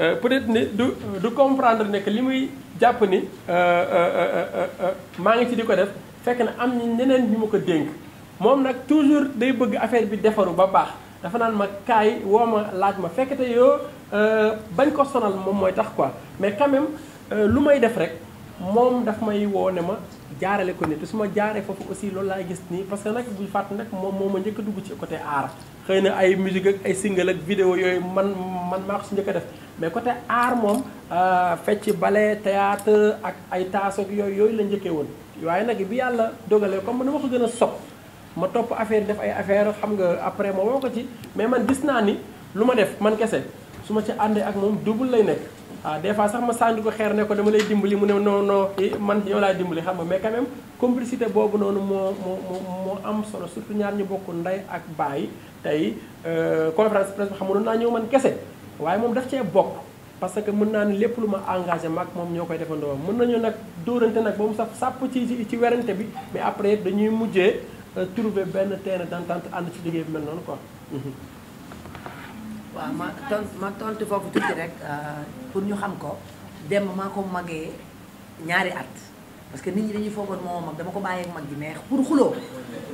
euh, peut-être ne du du comprendre ne li muy jàpp ni euh, euh, maa ngi ci di ko def fekk na am ñeneen ñu ma ko dénk moom nag toujours day bëgg affaire bi defaru ba baax dafa naan ma kaay woo ma laaj ma fekk te yoo Euh, bañ ko sonal moom mooy tax quoi mais quand même euh, lu may def rek moom daf may woo ne ma jaarale ko nii te su ma jaaree foofu aussi loolu laay gis nii parce que nag buy fàtt nag moom moo ma njëkk dugg ci côté art xëy na ay musique ay single ak yooyu man man maa ko si def mais côté art moom euh, fecc ballet théâtre ak ay taas yooyu yooyu la njëkkee woon waaye nag bi yàlla dogalee comme ma ni ma ko gën a sopp ma topp affaire def ay affaire xam nga après moom woo ko ci mais man gis naa ni lu ma def man kese su ma ci àndee ak moom double lay nekk waaw ah, des fois sax ma sànni ko xeer ne ko dama lay dimbali mu ne non non eh, man yow laay dimbali xam nga mais quand même complicité boobu noonu moo moo moo moo am solo surtout ñaar ñu bokk ndey ak baay tey euh, conférence presse bi xam nga naa ñëw man kese waaye moom def cee bokk. parce que mun naa ne lépp lu ma engagé maag moom ñoo koy defandoo mën nañu nag doorante nag boobu mu saf sàpp ci ci werante bi mais après dañuy mujjee euh, trouver benn terrain d'entente ànd ci liggéey bi mel noonu quoi. Mhm. waaw ma tont ma tontu foofu tuuti rek euh, pour ñu xam ko dem maa ko magee ñaari at parce que nit ñi dañuy foogoon moo mag dama ko bàyyee mag ji mais pour xuloo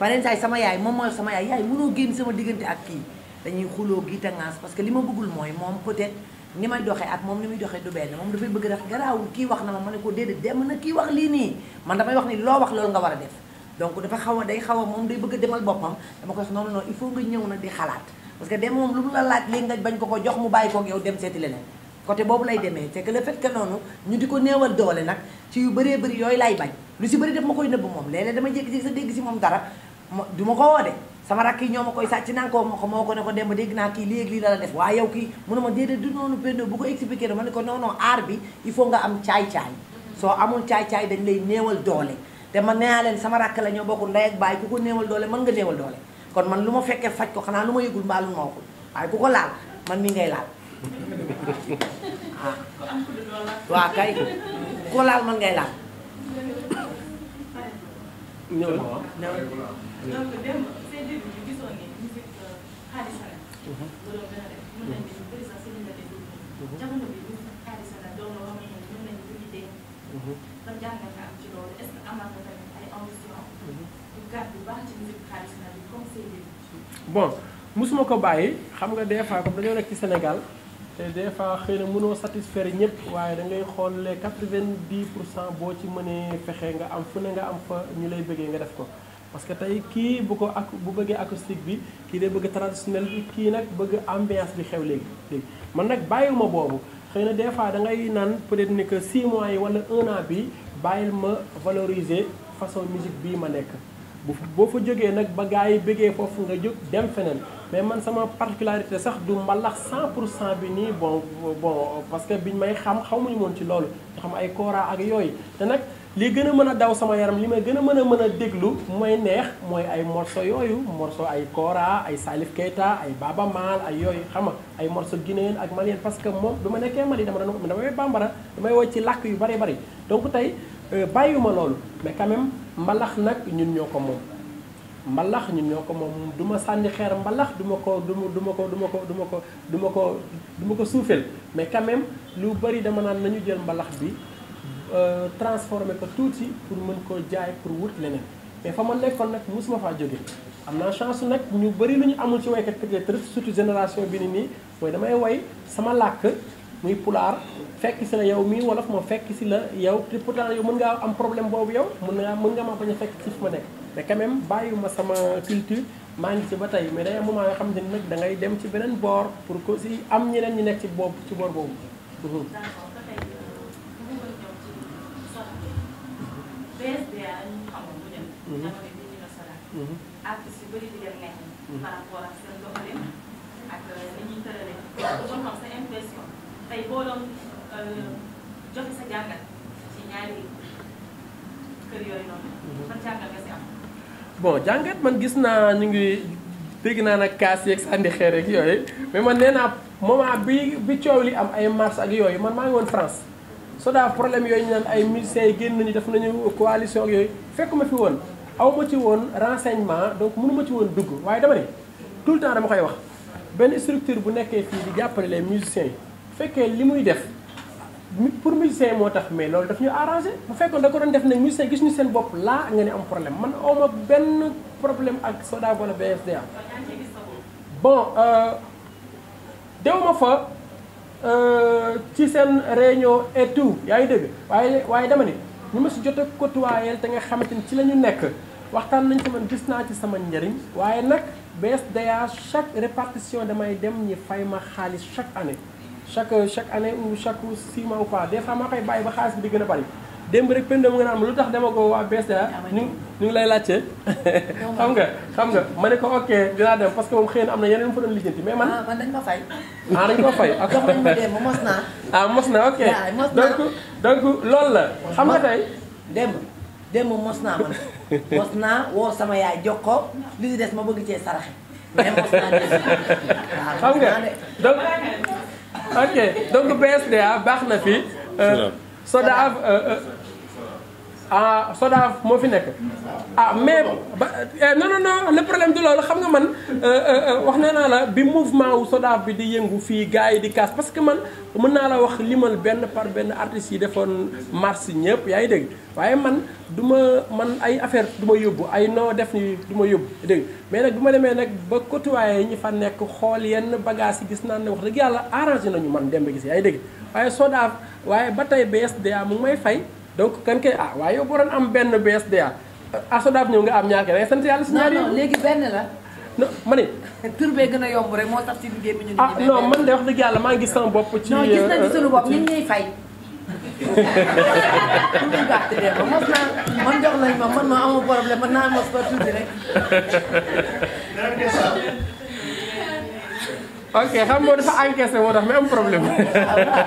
pareen saay sama yaay moom mooy sama yaay yaay mënoo génn sama diggante ak kii dañuy xuloo giita ngaas parce que li ma bëggul mooy moom peut-être ni may doxee ak moom ni muy doxee du benn moom dafay bëgg rek garaawul kii wax na ma ma ne ko déedéet dem na kii wax lii nii man damay wax ni loo wax loolu nga war a def donc dafa xaw a day xaw a moom day bëgg a demal boppam dama ko wax noonu noonu il faut nga ñëw na di xalaat parce que dem moom lu mu a laaj léegi nga bañ ko ko jox mu bàyyi koog yow dem seeti leneen côté boobu lay demee te que le fait que noonu ñu di ko néewal doole nag ci yu bëree bëri yooyu lay bañ lu si bëri def ma koy nëbb moom léeg-léeg dama jékki dégg si moom dara du ko woo de sama rakk yi ñoo ma koy sàcc naa ko moo ko ne ko dem ba dégg naa kii léegi lii la la def waaye yow kii mu ne ma déedéet du noonu benn bu ko expliqué na ma ne ko non non aar bi il faut nga am caay-caay soo amul caay-caay dañ lay néewal doole te man nee naa leen sama rakk la ñoo bokk ndey ak baay ku ko néewal doole mën nga néewal doole kon man lu ma fekkee faj ko xanaa lu ma yëgul mbaa waxul waaye ku ko laal man mi ngay laal ah. bon musuma ko bàyyi xam nga des fois comme dañoo nekk ci senegal te des fois xëy na mënoo satisfaire ñëpp waaye da ngay xool les quatre-vingt-dix pour cent boo ci mënee fexe nga am fu ne nga am fa ñu lay bëggee nga def ko. parce que tey kii bu ko ak bu bëggee acoustique bi kii day bëgg traditionnel bi kii nag bëgg ambiance bi xew léegi léegi man nag ma boobu xëy na des fois da ngay naan peut-être ni que 6 mois yi wala 1 an bi bàyyil ma valoriser façon musique bii ma nekk. bu boo fa jógee nag ba gars yi bëggee foofu nga jóg dem feneen mais man sama particularité sax du mbalax 100 pour cent bi nii bon bon parce que biñ may xam ma ñu woon ci loolu nga xam ay kora ak yooyu te nag li gën a mën a daw sama yaram li may gën a mën a mën a déglu mooy neex mooy ay morceau yooyu morso ay kora ay Salif Keita ay Baba Maal ay yooyu xam nga ay morceau guinéen ak malien parce que moom bi ma nekkee Mali dama doon damay bambara damay woy ci làkk yu bari bari donc tey euh, bàyyiwuma loolu mbalax nag ñun ñoo ko moom mbalax ñun ñoo ko moom duma sànni xeer mbalax duma ko du ma ko duma ko duma ko duma ko du ko suufeel mais quand même lu bari dama naan nañu jël mbalax bi euh, transformé ko tuuti pour mën koo jaay pour wut leneen mais fa ma nekkoon nag mosuma faa jóge am naa chance nag ñu bari lu ñu amul ci waykat peut-être surtout génération bi ni nii mooy damay woy sama làkk muy pulaar fekk si la yow mii wolof ma fekk si la yow te pourtant yow mën ngaa am problème boobu yow mun ngaa mën nga ma bañ a fekk si fu ma nekk mais quand même sama culture maa ngi si ba tey mais day yoo xam ne nag da ngay dem ci beneen boor pour ko si am ñeneen ñu nekk ci boobu ci boor boobu. Mhm. tey euh, mhm. jàngat man gis naa ñu ngi dégg naa nag kaas yeeg sànni xeer ak yooyu mais man nee naa moment bi bi coow li am ay mars ak yooyu man maa ngi woon France. soo daa problème yooyu ñu ay miliciens yi génn nañu def nañu coalition ak yooyu fekkuma fi woon aw ma ci woon renseignement donc mënu ma ci woon dugg waaye dama ne tout le temps dama koy wax benn structure bu nekkee fii di jàppale les musiciens yi. fekkee li muy def pour musicien moo tax mais loolu daf ñu arrangé bu fekkoon da ko doon def ne musicien gis ñu seen bopp laa nga ne am problème man awma benn problème ak SODAV wala BSDA bon euh, dewuma fa euh, ci seen réunion et yaa ngi dégg waaye waaye dama ne ñu ma si jot a côtoyeel te nga xamante ni ci la ñu nekk waxtaan nañ sama gis naa ci sama njëriñ waaye nag BSDA chaque répartition damay dem ñi fay ma xaalis chaque année chaque chaque année ou chaque six mois ou quoi des fois maa bàyyi ba xaalis bi di gën a bari démb rek pende mu nga naan lu tax demagoo waa BCA ñu ñu lay laajte xam nga xam nga ma ne ko ok dinaa dem parce que moom xëy na am na yeneen mu fa doon lijjanti mais man ah, man ko fay ah dañ ko fay ma démb mos naa ah, mos na ok donc donc loolu xam nga tey mos naa man woo sama yaay jox ko li di des ma bëgg cee saraxe mais mos naa xam nga donc ok donc BSDA baax na fi. Euh, SODAV ah Sodaaf moo fi nekk ah mais ba eh, non non non le problème du loolu xam nga man euh, euh, euh, wax na naa la bi mouvement wu Sodaaf bi di yëngu fii gars yi di kaas parce que man mën naa la wax limal benn par benn artistes yi defoon marche ñëpp yaa ngi dégg waaye man du ma man ay affaire du ma yóbbu ay noo def ni du ma yóbbu dégg mais nag bi ma demee nag ba côtoyé ñi fa nekk xool yenn bagages yi gis naa ne wax dëgg yàlla arrangé nañu man dembe gis yaa ngi dégg waaye Sodaaf waaye ba tey BSDA mu ngi may fay donc kan kay ah waaye yow boo doon am benn BSDA ah, asodaaf ñëw nga am ñaar kay sant yàlla si ñaar yi. non non léegi benn la. non ma ne. tur bee gën a yomb rek moo tax ci liggéey bi ñu. ah non man de wax dëgg yàlla maa gis sama bopp. ci non gis euh, fay. pour ñu nañ ma man ma amoo problème man naa mos ko tuuti rek. ok xam moo dafa encaissé moo tax mais am problème. Ah,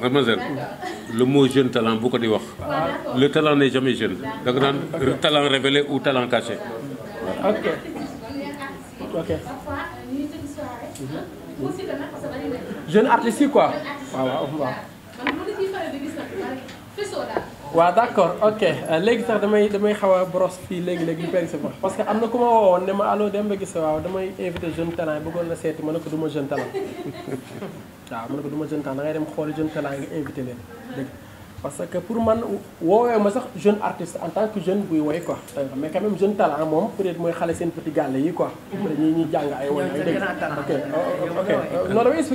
mademoiselle le mot jeune talent boo ko di wax le talent n'est jamais jeune da nga naan talent révélé ou talent caché ok ok mhm. jeune artiste yi quoi waaw waaw waaw waaw d'accord ok euh, léegi sax damay damay xaw a brosse fii léegi léegi ñu périssé ma parce que am na ku ma woowoon ne ma allo Demba Guissé waaw damay invité jeune talent yi bëggoon na seeti ma ne ko du ma jeune talent waaw mu ne ko du ma jeune talent dem xooli jën talent nga invité leen parce que pour man woowee ma sax jeune artiste en tant que jeune buy woy quoi mais quand même jeune talent moom peut mooy xale seen petit gàlle yi oh, oh,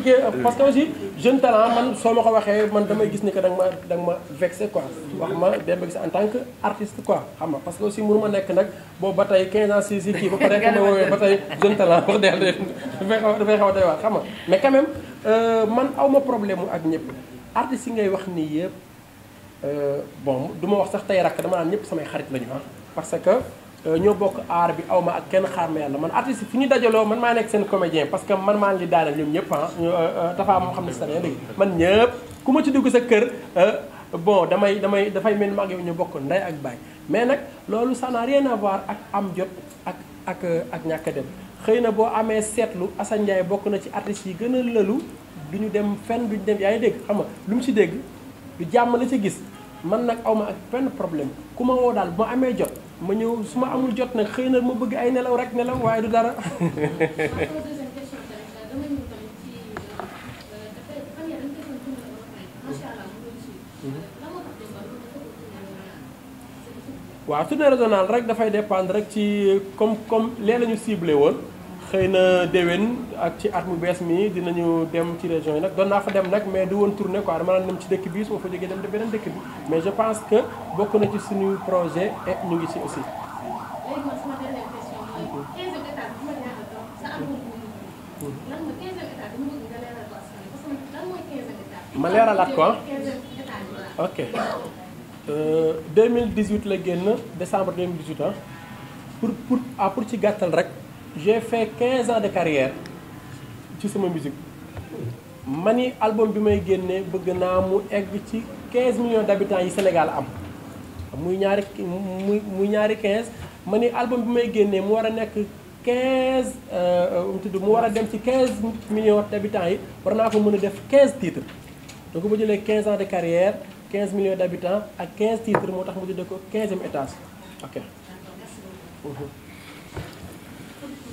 que aussi jeune talent man soo ma ko waxee man damay gis ni que ma tant que artiste quoi xam nga parce que aussi mënu ma nekk nag boobu ba tey 15 ans si si kii ba pare ma woowee ba tey jeune talent wax deel de dafay xaw dafay a doy waar mais quand euh, man aw ma problème mu ak ñëpp artistes si ngay wax nii yëpp Euh, bon du ma wax sax tey rakk dama naan ñëpp samay xarit lañu ah parce que euh, ñoo bokk aar bi aw ma ak kenn xaar ma yàlla man artiste fu ñu dajaloo man maa nekk seen comédien parce que man maa li daaneel ñoom ñëpp ah dafa euh, moo xam ne sa léegi man ñëpp ku ma ci dugg sa kër bon damay damay dafay mel mag yow ñu bokk ndey ak baay mais nag loolu ça n'a rien ak am jot ak ak ak ñàkk dem xëy na boo amee seetlu Assane Ndiaye bokk na ci artistes yi gën a lëlu du ñu dem fen du ñu dem yaa ngi dégg xam na lu mu ci dégg du jàmm la ci gis man nag awma ak benn problème ku ma woo daal bu ma amee jot ma ñëw su ma amul jot nag xëy na ma bëgg ay nelaw rek nelaw waaye du dara. waaw tournée régional rek dafay dépendre rek ci comme comme lee lañu ñu woon. xëy na déwén ak ci at mu bees mi dinañu dem ci région yi nag doon naa fa dem nag mais du woon tournée quoi dama naan dem ci dëkk bi su ma fa jógee dem de beneen dëkk bi mais je pense que bokk na ci suñu projet et ñu ngi ci aussi. ma leeralaat ko ah. ok euh, 2018 la génn décembre 2018 ah pour pour ah pour ci gàttal rek. j'ai fait 15 ans de carrière ci sama musique ma ni album bi may génne bëgg naa mu egg ci 15 millions d'habitants yi Sénégal am muy ñaari muy muy ñaari quinze ma ni album bi may génnee mu war a nekk quinze euh, euh, mu mu war a dem ci 15 millions d'habitants yi war naa ko mën a def 15 titres donc bu jëlee 15 ans de carrière 15 millions d'habitants ak 15 titres moo tax mu tudd ko 15 étage ok.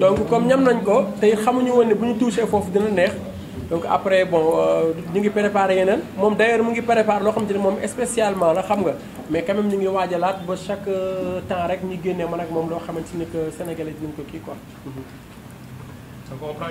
donc comme ñam nañ ko tey xamuñu woon ne bu ñu touché foofu dina neex donc après bon euh, ñu ngi préparé yeneen moom d'ailleurs mu ngi préparé loo xam te moom spécialement la xam nga mais quand ñu ngi waajalaat ba chaque euh, temps rek ñi génnee man ak moom loo xamante ni que sénégalais dinañ ko kii quoi. donc on prend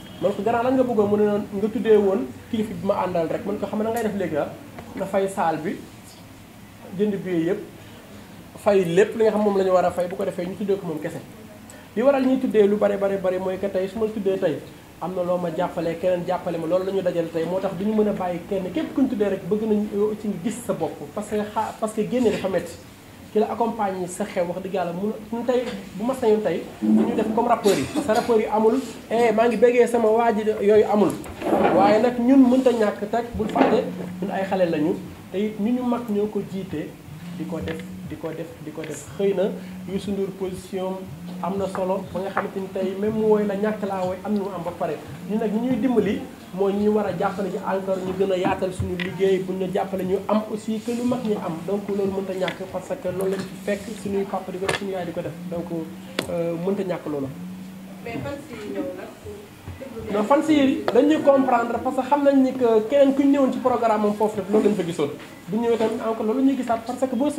man ko garant lan nga bëggoon mu ne noonu nga tuddee woon kilifa bi ma àndal rek man ko xam ne na ngay def léegi daal nga fay saal bi jënd bi yëpp fay lépp li nga xam moom la ñu war a fay bu ko defee ñu tuddee ko moom kese li waral ñu tuddee lu bare bare bare mooy que tey su ma tuddee tey am na loo ma jàppalee keneen jàppale ma loolu la ñu dajale tey moo tax du ñu mën a bàyyi kenn képp ku tuddee rek bëgg nañ ci gis sa bopp parce que xa parce que génne dafa métti ki la accompagner sa xew wax dëgg yàlla mun tey bu ma sañoon tey ñu def comme rappeurs yi sa que yi amul eh maa ngi bëggee sama waa ji yooyu amul waaye nag ñun mënut a ñàkk teg bul fàtte ñun ay xale lañu tey it ñu ñu mag ñoo ko jiitee di ko def di ko def di ko def xëy na Youssou Ndour position am na solo ba nga xamante ni tey même wooy la ñàkk laa wooy am na mu am ba pare ñu nag ñuy dimbali mooy ñu war a jàppale ci encore ñu gën a yaatal suñu liggéey bu ñu jàppale ñu am aussi que lu mag ñi am donc loolu mënta ñàkk parce que loolu lañ ci fekk suñuy papa di ko def suñu yaay di ko def donc euh, mënta ñàkk loolu. non fan si yéen dañuy comprendre parce que xam nañ ni que keneen ku ñu ñëwoon ci programme am foofu rek loolu lañ fa gisoon bu ñëwee tamit encore loolu parce que boo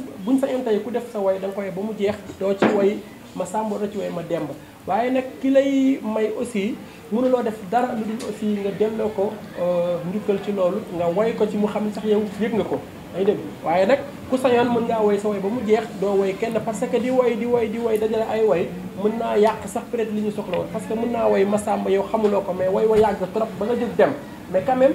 ku def sa way da nga koy ba mu jeex doo ci way ma sàmba doo ci way ma demb waaye nag ki lay may aussi mënuloo def dara lu dul aussi nga dem delloo ko euh, njukkal ci loolu nga way ko ci mu xam ne sax yow yëg nga ko day dégg waaye nag ku sañoon mën ngaa woy sa woy ba mu jeex doo woy kenn parce que di woy di woy di woy dajale ay woy mën naa yàq sax peut li ñu soxla woon parce que mën naa woy Massamba yow xamuloo ko mais woy wa yàgg trop ba nga jóg dem mais quand même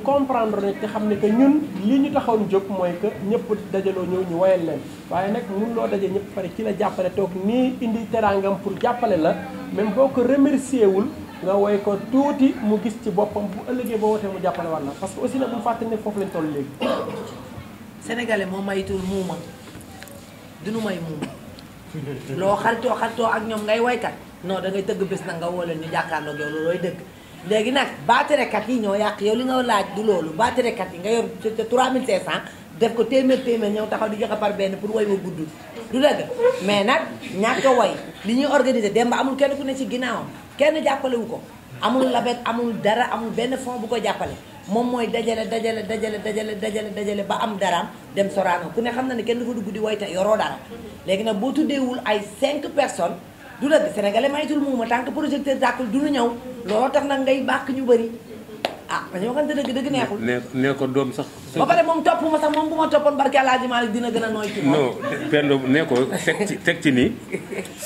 comprendre ne te xam ne que ñun li ñu taxawoon jóg mooy que ñëpp dajaloo ñëw ñu woyal leen waaye nag mun loo daje ñëpp pare ci la jàppale toog nii indi teraangam pour jàppale la même boo ko remercier wul nga woy ko tuuti mu gis ci boppam bu ëllëgee boo wootee mu jàppale war la parce que aussi nag bu foofu lañ toll léegi sénégalais moom mayitul muuma duñu may muuma loo xaritoo xaritoo ak ñoom ngay waykat non da ngay tëgg bés nag nga woo leen ñu jàkkaarloo ak yow loolooy dëgg léegi nag baatirekat yi ñoo yàq yow li nga laaj du loolu baatirekat yi nga yor ca 3500 def ko téeméer téeméer ñëw taxaw di joxe par benn pour way ma gudd du dëgg mais nag ñàkk a way li ñuy organiser dem ba amul kenn ku ne ci ginnaawam kenn jàppalewu ko amul labet amul dara amul benn fond bu ko jàppale moom mooy dajale dajale dajale dajale dajale dajale ba am daraam dem Sorano ku ne xam na ne kenn dafa dugg di woyte yoroo dara léegi nag boo tuddeewul ay cinq personnes du la sénégalais mayitul muuma tant que projecteur tàkkul du ñu ñëw looloo tax nag ngay bàkk ñu bëri ah dañoo xam ne dëgg dëgg neexul. nee ko doom sax. ba pare moom topp ma sax moom bu ma toppoon barke El dina gën a nooy ci moom. non Pendo ne ko teg ci teg ci ni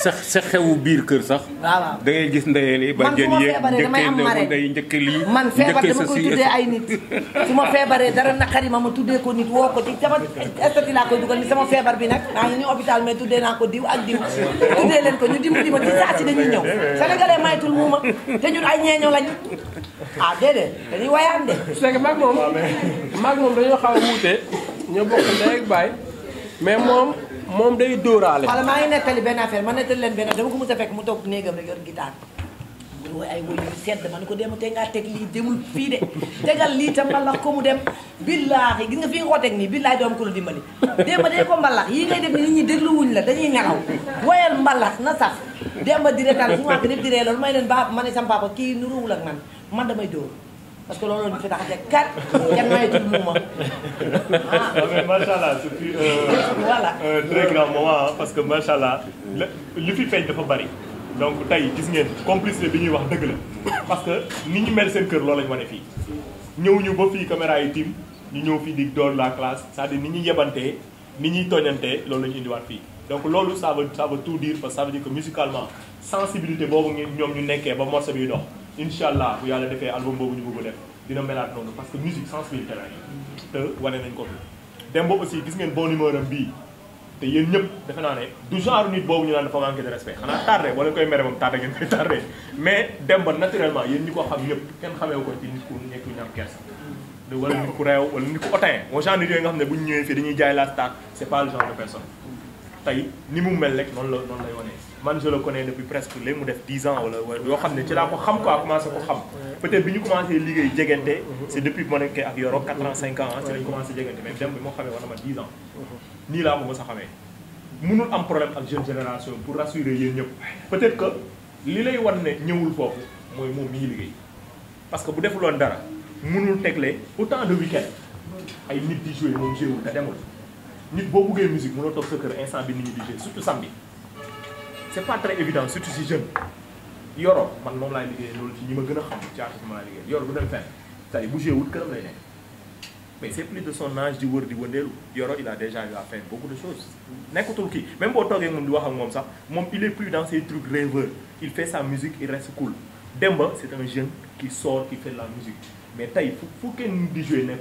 sa sa xewu biir kër sax. waaw da gis ndeyeel yi. man fu ma njëkk lii man feebar dama koy tuddee ay nit. su ma feebaree dara naqari ma ma tuddee ko nit woo ko ci sama estati laa koy dugal ni sama feebar bi nag naa ngi ni hôpital mais tuddee naa ko diw ak diw. tuddee leen ko ñu dimbali ma di saa si dañuy ñëw sénégalais maytul muuma te ñun ay ñeeño lañu ah déedéet dañuy wayaan de. dañoo xaw a wuute ñoo bokk ndey ak baay mais moom moom day dóoraale. wala maa ngi nettali benn affaire ma nettali leen benn dama ko mos a mu toog néegam rek yor gitaar. woy ay woy yu ma ni ko dem te ngaa teg lii demul fii de tegal lii te mbalax ko mu dem billaahi gis nga fi nga ko teg nii billaahi doom ko la dimbali démba dee ko mbalax yii ngay dem ni nit ñi dégluwuñ la dañuy nelaw woyal mbalax na sax démba di retaan su ma ko def di ree loolu may leen ba ma ne sama papa kii nuruwul ak man man damay dóor parce que loolu la ñu fi tax a teg kat kenn mayetul moom ah. non mais macha allah ce fut euh, voilà un euh, très grand parce que macha allah li fi feeñ dafa bari. donc tey gis ngeen complicité bi ñuy wax dëgg la parce que ni ñu mel seen kër loolu la ñu wane fii. ñëw ñu ba fii caméra yi tim ñu ñëw fii di door la classe cest à ni ñuy yebantee ni ñuy tooñantee loolu la ñu indiwaat fii. donc loolu ça veut ça veut tout dire parce que ça musicalement sensibilité boobu ñoom ñu nekkee ba morceau bi dox. incha allah bu yàlla defee album boobu ñu bëgg def dina melaat noonu parce que musique sensibilité la te wane nañ ko fi dem ba aussi gis ngeen bon numéro am bii te yéen ñëpp defe naa ne du genre nit boobu ñu naan dafa manqué de respect xanaa tardé wala koy mere moom ngeen koy tardé mais dem ba naturellement yéen ñi ko xam ñëpp kenn xamee ko ci nit ku nekk ñu am ku réew wala nit ku otin moo genre nit yooyu nga xam ne bu ñu ñëwee fii dañuy jaay la star tey ni mu mel rek noonu la noonu lay wane man je le connais depuis presque léegi mu def 10 ans wala yoo xam ne ci laa ko xam quoi commencé ko xam peut-être bi ñu commencé liggéey jegante c'est depuis ma ak Yoro 4 ans 5 ans ci lañ commencé jegante mais dem bi moo xamee war ma 10 ans nii laa ko mës xamee mënul am problème ak jeune génération pour rassurer yéen ñëpp peut-être que li lay wan ne ñëwul foofu mooy moom mi ngi liggéey parce que bu defuloon dara mënul tegle autant de week-end ay nit di jouer moom nit boo buggee musique mënoo toog sa kër instant bi nit ñi di jouer surtout samedi c'est pas très évident surtout si jeune yoro man moom laay liggéey loolu ci ñi ma gën a xam ci artiste ma laay liggéey yoro bu dem fenn cest à bu jouer wut këram lay nekk mais c'est plus de son âge di wër di wëndeelu yoro il a déjà eu à faire beaucoup de choses nekkatul kii même boo toogee moom di wax moom sax moom il est plus dans ses trucs rêveurs il fait sa musique il reste cool mais tey fu fu kenn di jouer nekk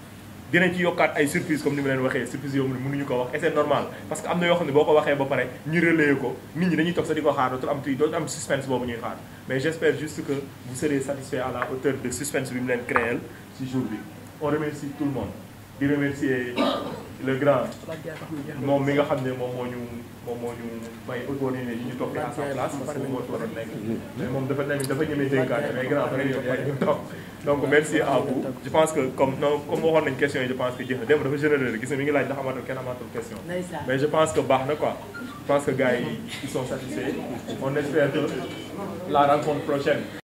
dinañ ci yokkaat ay surprise comme ni ma leen waxee surprise yoo xam ne mënuñu ko wax et normal parce que am na yoo xam ne boo ko waxee ba pare ñu relayer ko nit ñi dañuy toog sax di ko xaar dootul am tuuti dootul am suspense boobu ñuy xaar mais j'espère juste que vous serez satisfait à la hauteur de suspense bi mu leen créel ci jour bi on remercie tout le monde di remercier le grand moom mi nga xam ne moom moo ñu moom moo ñu may autoriser yi ñu toog à sa place parce que moo ci waroon nekk mais moom dafa tamit dafa ñemee dénkaane mais grand après yow yaa toog donc merci à vous je pense que comme non comme waxoon nañ question yi je pense que jeex na dem dafa généreux gis na mi ngi laaj ndax amatul kenn amatul question mais je pense que baax na quoi je pense que gars yi ils sont satisfaits on espère que la rencontre prochaine